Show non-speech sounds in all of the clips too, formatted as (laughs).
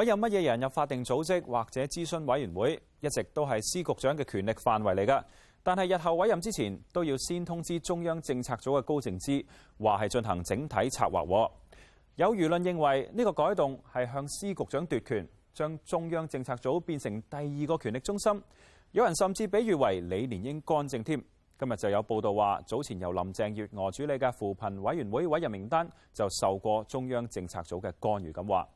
委任乜嘢人入法定組織或者諮詢委員會，一直都係司局長嘅權力範圍嚟噶。但係日後委任之前，都要先通知中央政策組嘅高靜芝，話係進行整體策劃，有輿論認為呢、這個改動係向司局長奪權，將中央政策組變成第二個權力中心。有人甚至比喻為李連英幹政添。今日就有報道話早前由林鄭月娥處理嘅扶貧委員會委任名單就受過中央政策組嘅干預咁話。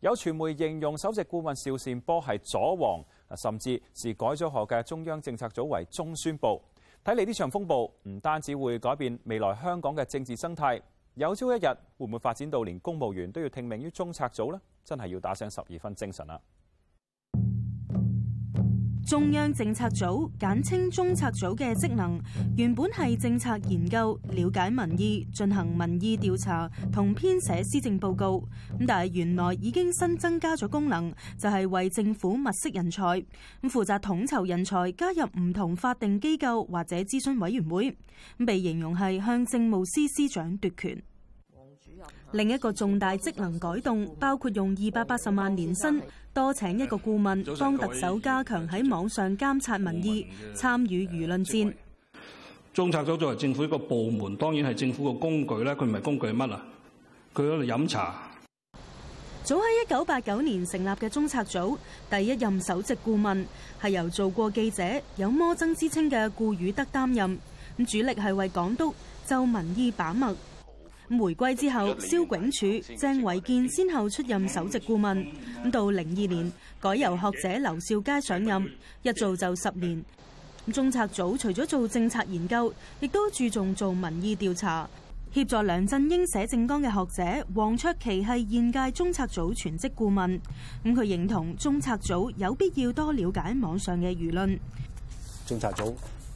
有傳媒形容首席顧問邵善波係左王，甚至視改咗學嘅中央政策組為中宣部。睇嚟呢場風暴唔單止會改變未來香港嘅政治生態，有朝一日會唔會發展到連公務員都要聽命於中策組呢？真係要打醒十二分精神啦！中央政策組，簡稱中策組嘅職能原本係政策研究、了解民意、進行民意調查同編寫施政報告。咁但係原來已經新增加咗功能，就係、是、為政府物色人才，咁負責統籌人才加入唔同法定機構或者諮詢委員會。被形容係向政務司司長奪權。另一個重大職能改動，包括用二百八十萬年薪多請一個顧問，幫特首加強喺網上監察民意、參與輿論戰。中策組作為政府一個部門，當然係政府個工具咧，佢唔係工具乜啊？佢喺度飲茶。早喺一九八九年成立嘅中策組，第一任首席顧問係由做過記者、有魔僧之稱嘅顧宇德擔任，咁主力係為港督就民意把脈。回歸之後，蕭炯柱、鄭維健先後出任首席顧問。咁到零二年，改由學者劉兆佳上任，一做就十年。中策組除咗做政策研究，亦都注重做民意調查，協助梁振英寫政綱嘅學者王卓祺係現屆中策組全職顧問。咁佢認同中策組有必要多了解網上嘅輿論。中策組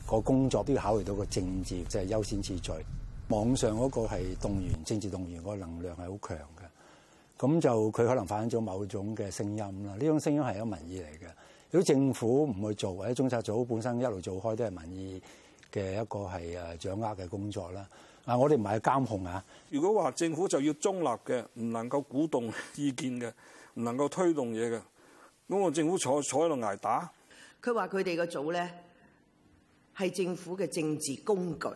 個工作都要考慮到個政治，即係優先次序。網上嗰個係動員、政治動員嗰個能量係好強嘅，咁就佢可能反映咗某種嘅聲音啦。呢種聲音係有民意嚟嘅。如果政府唔去做，或者中策組本身一路做開都係民意嘅一個係誒掌握嘅工作啦。啊，我哋唔係監控啊。如果話政府就要中立嘅，唔能夠鼓動意見嘅，唔能夠推動嘢嘅，咁我政府坐坐喺度捱打。佢話佢哋個組咧係政府嘅政治工具。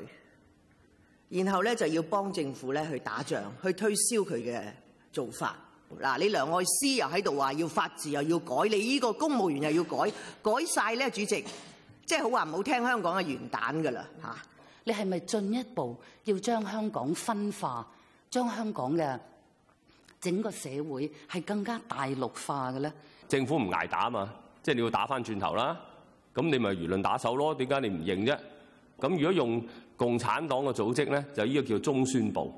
然後咧就要幫政府咧去打仗，去推銷佢嘅做法。嗱，你梁愛詩又喺度話要法治，又要改，你呢個公務員又要改，改晒咧，主席，即係好話唔好聽，香港係完蛋噶啦嚇。你係咪進一步要將香港分化，將香港嘅整個社會係更加大陸化嘅咧？政府唔挨打啊嘛，即係你要打翻轉頭啦，咁你咪輿論打手咯？點解你唔認啫？咁如果用？共產黨嘅組織呢，就呢個叫中宣部。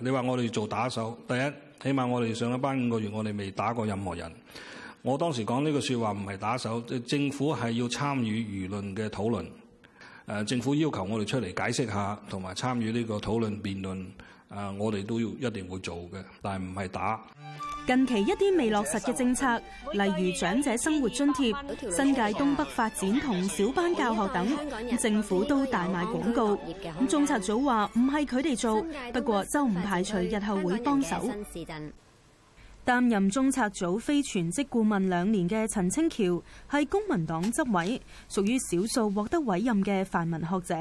你話我哋做打手，第一起碼我哋上咗班五個月，我哋未打過任何人。我當時講呢個説話唔係打手，政府係要參與輿論嘅討論。誒、啊，政府要求我哋出嚟解釋下，同埋參與呢個討論辯論。啊！我哋都要一定會做嘅，但係唔係打。近期一啲未落實嘅政策，例如長者生活津貼、新界東北發展同小班教學等，政府都大賣廣告。咁，中策組話唔係佢哋做，不過就唔排除日後會幫手。擔任中策組非全職顧問兩年嘅陳清橋，係公民黨執委，屬於少數獲得委任嘅泛民學者。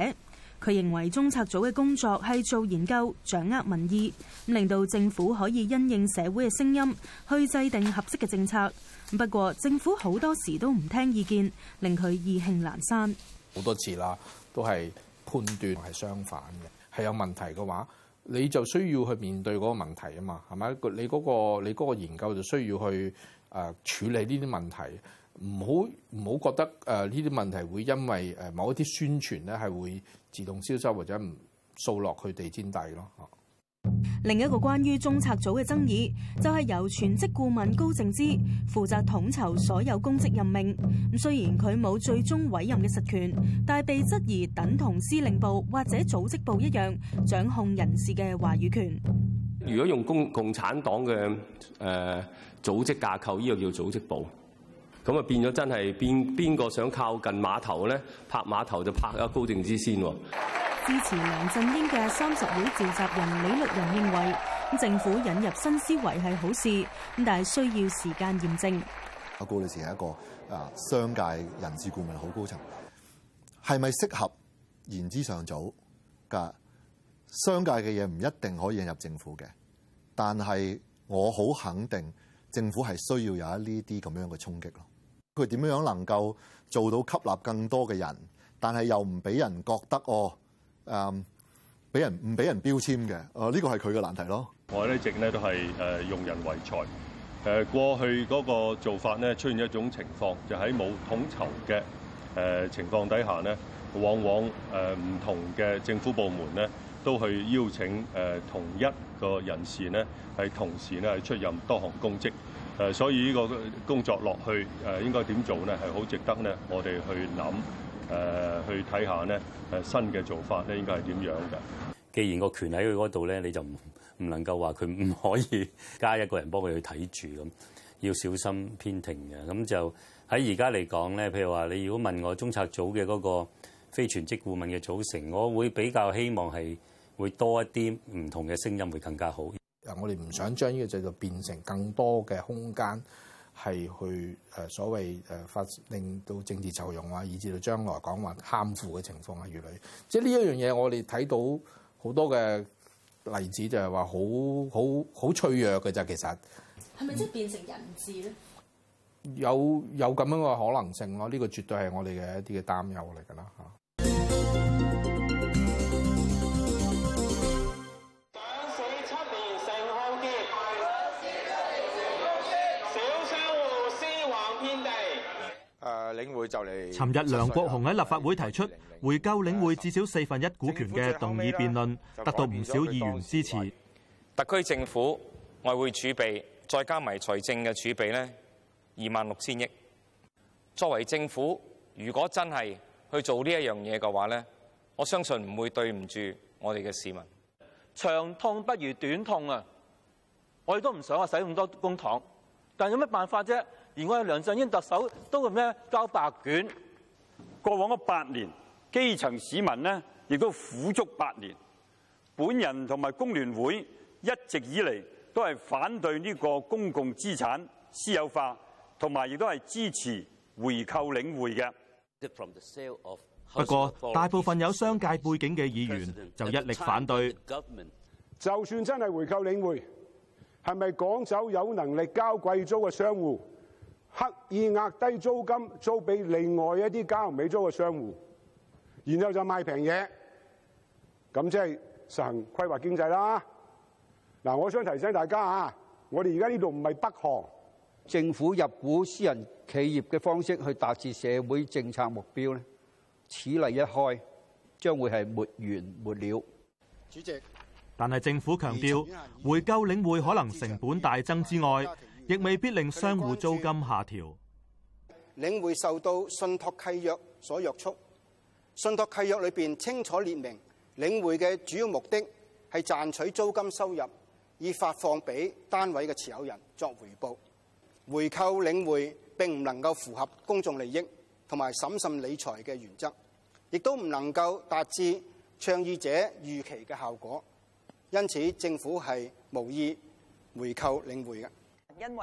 佢認為，中策組嘅工作係做研究，掌握民意，令到政府可以因應社會嘅聲音去制定合適嘅政策。不過，政府好多時都唔聽意見，令佢意興闌珊。好多次啦，都係判斷係相反嘅，係有問題嘅話，你就需要去面對嗰個問題啊嘛，係咪？你嗰、嗰個你嗰個研究就需要去誒、呃、處理呢啲問題，唔好唔好覺得誒呢啲問題會因為誒某一啲宣傳咧係會自動消失或者唔掃落佢哋地氈底咯。另一個關於中策組嘅爭議，就係、是、由全職顧問高靜芝負責統籌所有公職任命。咁雖然佢冇最終委任嘅實權，但係被質疑等同司令部或者組織部一樣掌控人事嘅話語權。如果用共共產黨嘅誒、呃、組織架構，呢、這個叫組織部。咁啊變咗真係邊邊個想靠近碼頭咧？拍碼頭就拍阿高靜芝先喎。支持梁振英嘅三十會召集人李律仁認為，政府引入新思維係好事，咁但係需要時間驗證。阿高女士係一個啊商界人事顧問，好高層，係咪適合？言之尚早㗎，商界嘅嘢唔一定可以引入政府嘅，但係我好肯定。政府係需要有一呢啲咁樣嘅衝擊咯，佢點樣能夠做到吸納更多嘅人，但係又唔俾人覺得哦，誒、嗯，俾人唔俾人標籤嘅，啊呢個係佢嘅難題咯。我一直咧都係誒用人為才，誒過去嗰個做法咧出現了一種情況，就喺、是、冇統籌嘅誒情況底下咧，往往誒唔同嘅政府部門咧。都去邀請誒同一個人士咧，係同時咧出任多項公職，誒，所以呢個工作落去誒，應該點做咧係好值得咧，我哋去諗誒、呃，去睇下咧誒新嘅做法咧應該係點樣嘅。既然個權喺佢嗰度咧，你就唔唔能夠話佢唔可以加一個人幫佢去睇住咁，要小心編庭嘅。咁就喺而家嚟講咧，譬如話你如果問我中策組嘅嗰個。非全職顧問嘅組成，我會比較希望係會多一啲唔同嘅聲音，會更加好。我哋唔想將呢個制度變成更多嘅空間，係去誒所謂誒發令到政治酬庸啊，以至到將來講話貪腐嘅情況係越嚟越。即係呢一樣嘢，我哋睇到好多嘅例子就是很，就係話好好好脆弱嘅啫。其實係咪即係變成人質咧、嗯？有有咁樣嘅可能性咯，呢、這個絕對係我哋嘅一啲嘅擔憂嚟㗎啦嚇。尋日梁國雄喺立法會提出回購領匯至少四分一股權嘅動議辯論，得到唔少議員支持。特區政府外匯儲備再加埋財政嘅儲備呢，二萬六千億。作為政府，如果真係去做呢一樣嘢嘅話呢，我相信唔會對唔住我哋嘅市民。長痛不如短痛啊！我哋都唔想話使咁多公帑，但有咩辦法啫啊？而我哋梁振英特首，都咁樣交白卷。過往嗰八年，基層市民咧亦都苦足八年。本人同埋工聯會一直以嚟都係反對呢個公共資產私有化，同埋亦都係支持回購領匯嘅。不過，大部分有商界背景嘅議員就一力反對。就算真係回購領匯，係咪趕走有能力交貴租嘅商戶？刻意壓低租金租俾另外一啲交唔起租嘅商戶，然後就賣平嘢，咁即係實行規劃經濟啦。嗱，我想提醒大家啊，我哋而家呢度唔係北韓政府入股私人企業嘅方式去達至社會政策目標咧。此例一開，將會係沒完沒了。主席，但係政府強調，回購領匯可能成本大增之外。亦未必令商戶租金下調。領匯受到信託契約所約束，信託契約裏邊清楚列明，領匯嘅主要目的係賺取租金收入，以發放俾單位嘅持有人作回報。回購領匯並唔能夠符合公眾利益同埋審慎理財嘅原則，亦都唔能夠達至倡議者預期嘅效果。因此，政府係無意回購領匯嘅。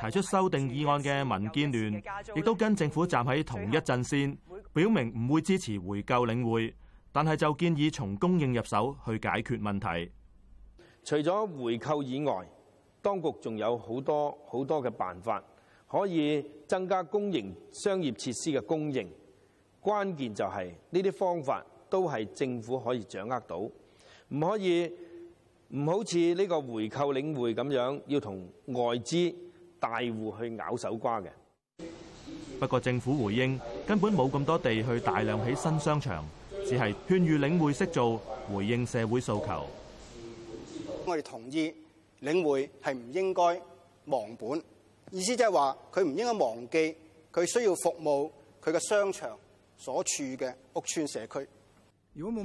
提出修訂議案嘅民建聯亦都跟政府站喺同一陣線，表明唔會支持回購領匯，但係就建議從供應入手去解決問題。除咗回購以外，當局仲有好多好多嘅辦法可以增加公營商業設施嘅供應。關鍵就係呢啲方法都係政府可以掌握到，唔可以唔好似呢個回購領匯咁樣要同外資。大戶去咬手瓜嘅。不過政府回應根本冇咁多地去大量起新商場，只係勸喻領匯識做，回應社會訴求。我哋同意領匯係唔應該忘本，意思即係話佢唔應該忘記佢需要服務佢嘅商場所處嘅屋邨社區。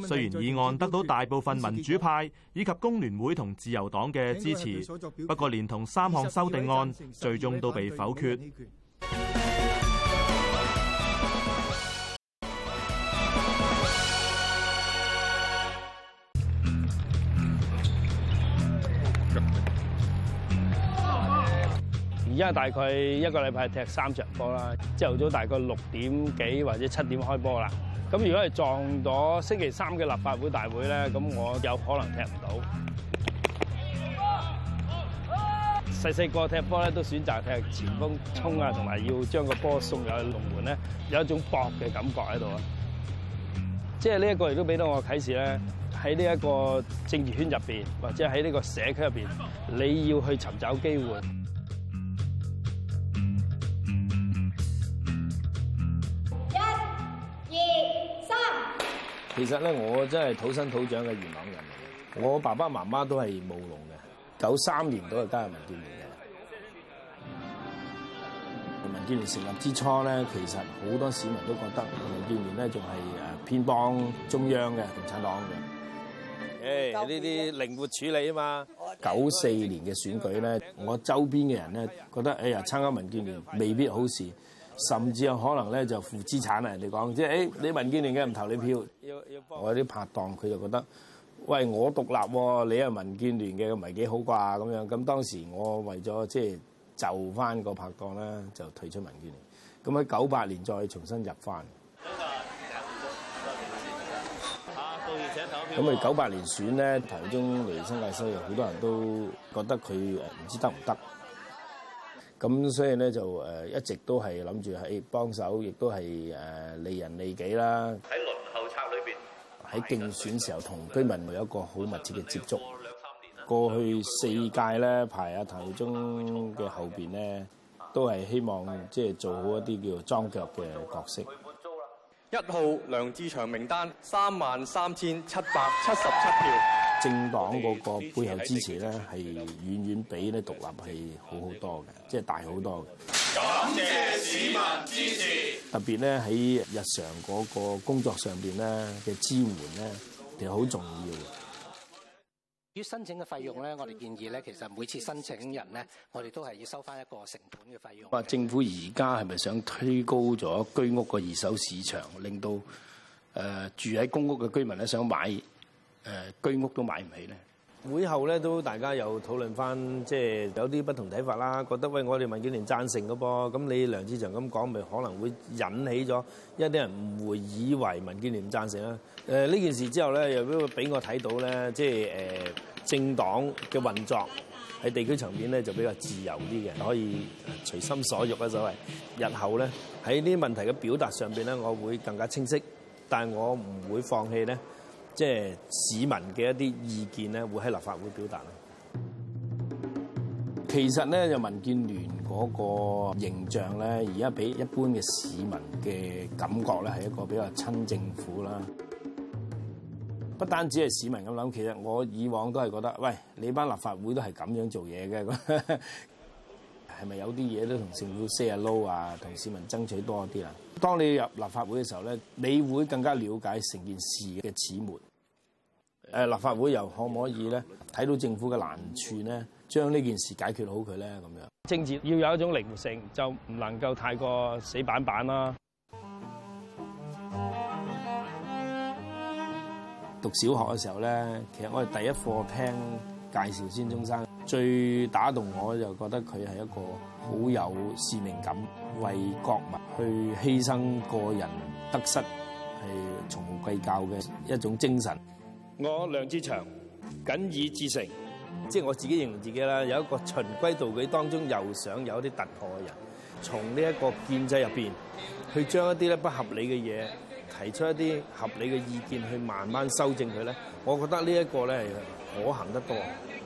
雖然議案得到大部分民主派以及工聯會同自由黨嘅支持，不過連同三項修訂案，最終都被否決。而家大概一個禮拜踢三場波啦，朝頭早大概六點幾或者七點開波啦。咁如果係撞咗星期三嘅立法會大會咧，咁我有可能踢唔到。細細個踢波咧，都選擇踢前鋒衝啊，同埋要將個波送入去龍門咧，有一種搏嘅感覺喺度啊。即係呢一個亦都俾到我啟示咧，喺呢一個政治圈入邊，或者喺呢個社區入邊，你要去尋找機會。其實咧，我真係土生土長嘅元朗人嚟嘅。我爸爸媽媽都係務農嘅，九三年都係加入民建聯嘅。民建聯成立之初咧，其實好多市民都覺得民建聯咧仲係誒偏幫中央嘅，共產黨嘅。誒呢啲靈活處理啊嘛。九四年嘅選舉咧，我周邊嘅人咧覺得，哎呀，參加民建聯未必好事。甚至有可能咧就負資產啊！人哋講即係誒，你民建聯嘅唔投你票，要要你我有啲拍檔佢就覺得，喂，我獨立，你係民建聯嘅，唔係幾好啩咁樣。咁當時我為咗即係就翻、是、個拍檔啦，就退出民建聯。咁喺九八年再重新入翻。咁咪九八年選咧頭中嚟新界西，有好多人都覺得佢誒唔知得唔得。咁所以咧就誒一直都係諗住喺幫手，亦都係誒利人利己啦。喺輪候策裏面，喺競選時候同居民會有一個好密切嘅接觸過。過去四屆咧排阿譚耀宗嘅後邊咧，都係希望即係、就是、做好一啲叫做裝腳嘅角色。一號梁志祥名單三萬三千七百七十七票。 (laughs) 政黨嗰個背後支持咧，係遠遠比咧獨立係好好多嘅，即係大好多嘅。感謝市民支持。特別咧喺日常嗰個工作上邊咧嘅支援咧，其實好重要嘅。至於申請嘅費用咧，我哋建議咧，其實每次申請人咧，我哋都係要收翻一個成本嘅費用。話政府而家係咪想推高咗居屋嘅二手市場，令到誒住喺公屋嘅居民咧想買？誒居屋都買唔起咧。會後咧都大家又討論翻，即係有啲不同睇法啦。覺得喂，我哋民建聯贊成嘅噃，咁你梁志祥咁講，咪可能會引起咗一啲人唔會以為民建聯贊成啦。誒呢件事之後咧，又俾我睇到咧，即係誒政黨嘅運作喺地區層面咧就比較自由啲嘅，可以隨心所欲啊所謂。日後咧喺呢啲問題嘅表達上邊咧，我會更加清晰，但係我唔會放棄咧。即係市民嘅一啲意見咧，會喺立法會表達啦。其實咧，就民建聯嗰個形象咧，而家比一般嘅市民嘅感覺咧，係一個比較親政府啦。不單止係市民咁諗，其實我以往都係覺得，喂，你班立法會都係咁樣做嘢嘅，係咪有啲嘢都同政府 say hello 啊，同市民爭取多啲啊？當你入立法會嘅時候咧，你會更加了解成件事嘅始末。誒，立法會又可唔可以咧睇到政府嘅難處咧，將呢件事解決好佢咧咁樣。政治要有一種靈活性，就唔能夠太過死板板啦。讀小學嘅時候咧，其實我哋第一課聽介紹孫中山。最打動我，就覺得佢係一個好有使命感，為國民去犧牲個人得失，係從無計較嘅一種精神。我梁志祥，謹以至誠，即係我自己形容自己啦，有一個循規蹈矩，當中又想有一啲突破嘅人，從呢一個建制入邊，去將一啲咧不合理嘅嘢，提出一啲合理嘅意見，去慢慢修正佢咧。我覺得呢一個咧係可行得多，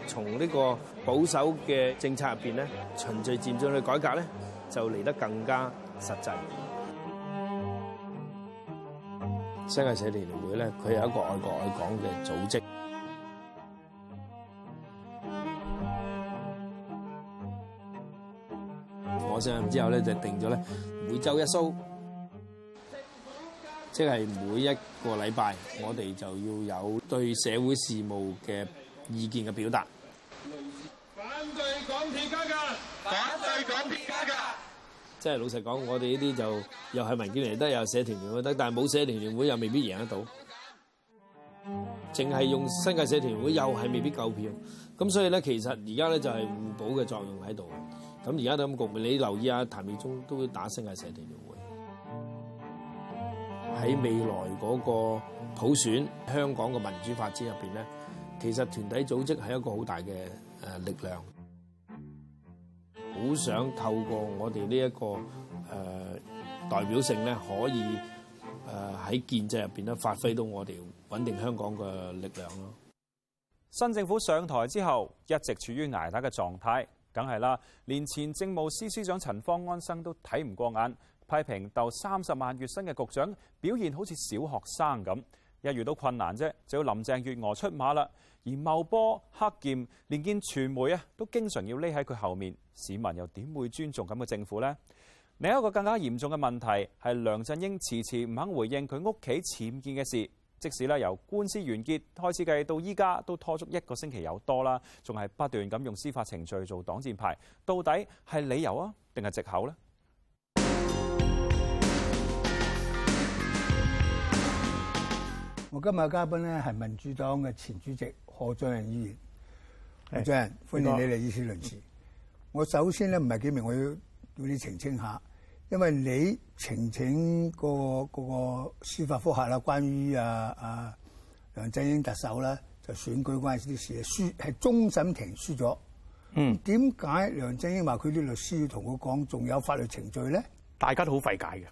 從呢個保守嘅政策入邊咧，循序漸進去改革咧，就嚟得更加實際。新界社團聯會咧，佢有一個愛國愛港嘅組織。我上任之後咧，就定咗咧，每周一收。即係每一個禮拜，我哋就要有對社會事務嘅意見嘅表達。反對港鐵加價！反對港鐵加價！即係老實講，我哋呢啲就又係民建聯得，又係社團聯會得，但係冇社團聯會又未必贏得到。淨係用新界社團聯會又係未必夠票。咁所以咧，其實而家咧就係互補嘅作用喺度。咁而家都咁局，你留意下，譚耀宗都會打新界社團聯會。喺未來嗰個普選香港嘅民主發展入邊咧，其實團體組織係一個好大嘅誒力量，好想透過我哋呢一個誒、呃、代表性咧，可以誒喺、呃、建制入邊咧發揮到我哋穩定香港嘅力量咯。新政府上台之後，一直處於捱打嘅狀態，梗係啦，連前政務司司長陳方安生都睇唔過眼。批評逗三十萬月薪嘅局長表現好似小學生咁，一遇到困難啫，就要林鄭月娥出馬啦。而茂波黑劍連見傳媒啊，都經常要匿喺佢後面，市民又點會尊重咁嘅政府呢？另一個更加嚴重嘅問題係梁振英遲遲唔肯回應佢屋企僭建嘅事，即使咧由官司完結開始計到依家都拖足一個星期有多啦，仲係不斷咁用司法程序做擋箭牌，到底係理由啊定係藉口呢？我今日嘅嘉賓咧係民主黨嘅前主席何俊仁議員，何俊仁，歡迎你嚟議事論事。我首先咧唔係幾明，我要要你澄清下，因為你澄清、嗰個、嗰個司法覆核啦，關於啊啊梁振英特首咧就選舉關係啲事啊，輸係終審庭輸咗，嗯，點解梁振英話佢啲律師要同佢講仲有法律程序咧？大家都好費解嘅。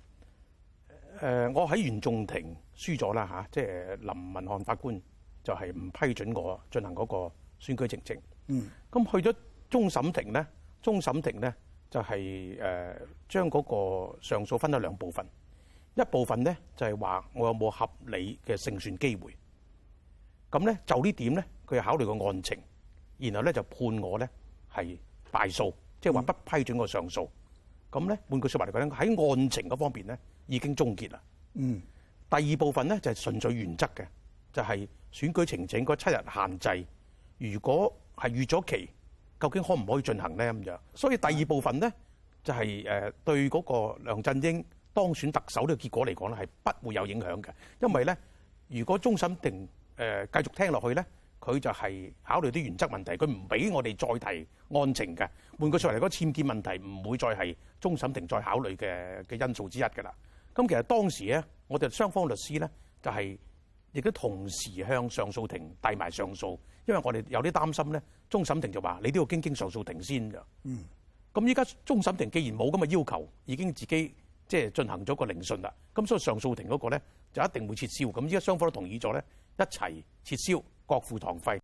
誒，我喺原仲庭輸咗啦嚇，即係林文瀚法官就係唔批准我進行嗰個選舉程序。嗯，咁去咗終審庭咧，終審庭咧就係誒將嗰個上訴分咗兩部分，一部分咧就係話我有冇合理嘅勝算機會。咁咧就呢點咧，佢又考慮個案情，然後咧就判我咧係敗訴，即係話不批准我上訴。咁、嗯、咧換句説話嚟講，喺案情嗰方面咧。已經終結啦、嗯。第二部分咧就係純粹原則嘅，就係、是就是、選舉程序嗰七日限制，如果係逾咗期，究竟可唔可以進行咧咁樣？所以第二部分咧就係、是、誒對嗰個梁振英當選特首呢個結果嚟講咧，係不會有影響嘅，因為咧如果終審庭誒繼、呃、續聽落去咧，佢就係考慮啲原則問題，佢唔俾我哋再提案情嘅。換句説嚟，嗰僭建問題唔會再係終審庭再考慮嘅嘅因素之一㗎啦。咁其實當時咧，我哋雙方律師咧就係亦都同時向上訴庭遞埋上訴，因為我哋有啲擔心咧，終審庭就話你都要經經上訴庭先㗎。嗯。咁依家終審庭既然冇咁嘅要求，已經自己即係進行咗個聆訊啦。咁所以上訴庭嗰個咧就一定會撤銷。咁依家雙方都同意咗咧，一齊撤銷，各付堂費是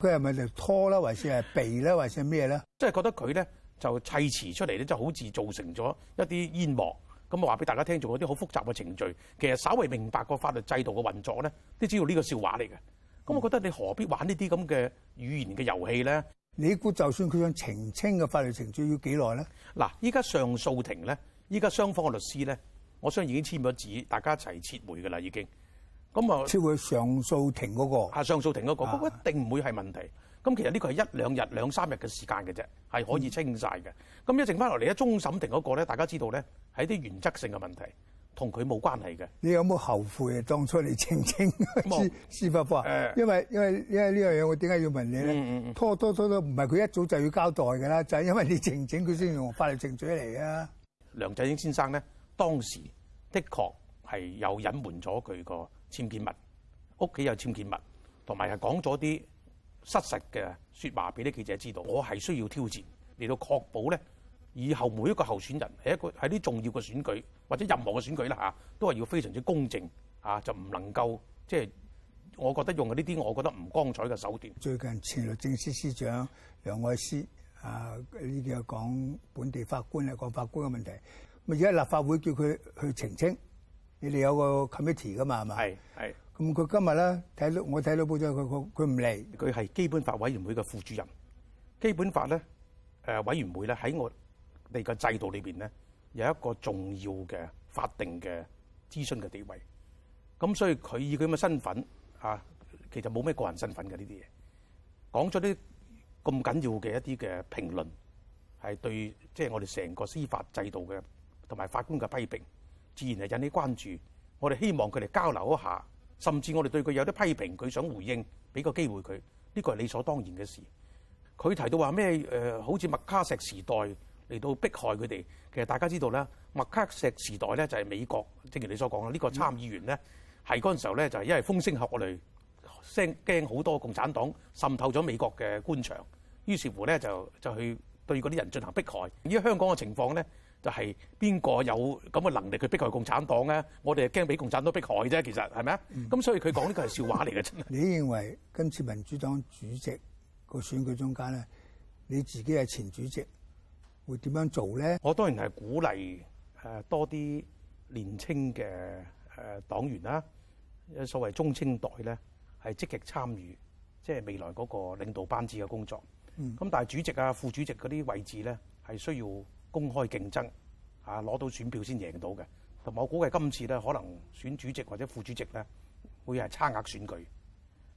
是。佢係咪嚟拖啦？還是係避咧，還、就是係咩咧？即係覺得佢咧就砌詞出嚟咧，就好似造成咗一啲煙幕。咁啊話俾大家聽，做嗰啲好複雜嘅程序，其實稍為明白個法律制度嘅運作咧，都知道呢個笑話嚟嘅。咁、嗯、我覺得你何必玩呢啲咁嘅語言嘅遊戲咧？你估就算佢想澄清嘅法律程序要幾耐咧？嗱，依家上訴庭咧，依家雙方嘅律師咧，我相信已經簽咗字，大家一齊撤回㗎啦，已經。咁啊，撤回上訴庭嗰個啊，上訴庭嗰個，嗰個一定唔會係問題。啊咁其實呢個係一兩日、兩三日嘅時間嘅啫，係可以清晒嘅。咁、嗯、一剩翻落嚟一終審庭嗰、那個咧，大家知道咧，係啲原則性嘅問題，同佢冇關係嘅。你有冇後悔當初你澄清，清？司伯法因為因為因為呢樣嘢，我點解要問你咧？嗯嗯拖拖拖拖，唔係佢一早就要交代㗎啦，就係、是、因為你澄清，清，佢先用法律程序嚟啊。梁振英先生咧，當時的確係有隱瞞咗佢個僭建物，屋企有僭建物，同埋係講咗啲。失實嘅説話俾啲記者知道，我係需要挑戰嚟到確保咧，以後每一個候選人係一個喺啲重要嘅選舉或者任何嘅選舉啦嚇，都係要非常之公正嚇，就唔能夠即係我覺得用嘅呢啲，我覺得唔光彩嘅手段。最近前律政司司長梁愛詩啊，呢啲又講本地法官啊，講法官嘅問題。而家立法會叫佢去澄清，你哋有個 committee 噶嘛，係咪？係係。咁佢今日咧，睇到我睇到報章，佢佢佢唔嚟。佢係基本法委員會嘅副主任。基本法咧，誒委員會咧喺我哋個制度裏邊咧，有一個重要嘅法定嘅諮詢嘅地位。咁所以佢以佢咁嘅身份啊，其實冇咩個人身份嘅呢啲嘢講咗啲咁緊要嘅一啲嘅評論，係對即係我哋成個司法制度嘅同埋法官嘅批評，自然係引起關注。我哋希望佢哋交流一下。甚至我哋對佢有啲批評，佢想回應，俾個機會佢，呢個係理所當然嘅事。佢提到話咩？誒、呃，好似麥卡錫時代嚟到迫害佢哋。其實大家知道咧，麥卡錫時代咧就係美國，正如你所講啦，呢個參議員咧係嗰陣時候咧就係因為風聲鶴唳，聲驚好多共產黨滲透咗美國嘅官場，於是乎咧就就去對嗰啲人進行迫害。而家香港嘅情況咧。就係邊個有咁嘅能力去逼害共產黨咧？我哋係驚俾共產黨逼害啫，其實係咪啊？咁、嗯、所以佢講呢個係笑話嚟嘅啫。你認為今次民主黨主席個選舉中間咧，你自己係前主席會點樣做咧？我當然係鼓勵誒多啲年青嘅誒黨員啦，所謂中青代咧係積極參與，即係未來嗰個領導班子嘅工作。咁、嗯、但係主席啊、副主席嗰啲位置咧係需要。公開競爭，嚇攞到選票先贏到嘅。同埋我估計今次咧，可能選主席或者副主席咧，會係差額選舉。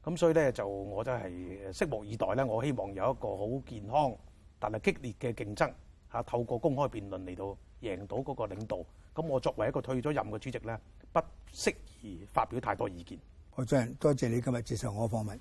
咁所以咧，就我就係拭目以待咧。我希望有一個好健康但係激烈嘅競爭嚇，透過公開辯論嚟到贏到嗰個領導。咁我作為一個退咗任嘅主席咧，不適宜發表太多意見。何俊仁，多謝你今日接受我嘅訪問。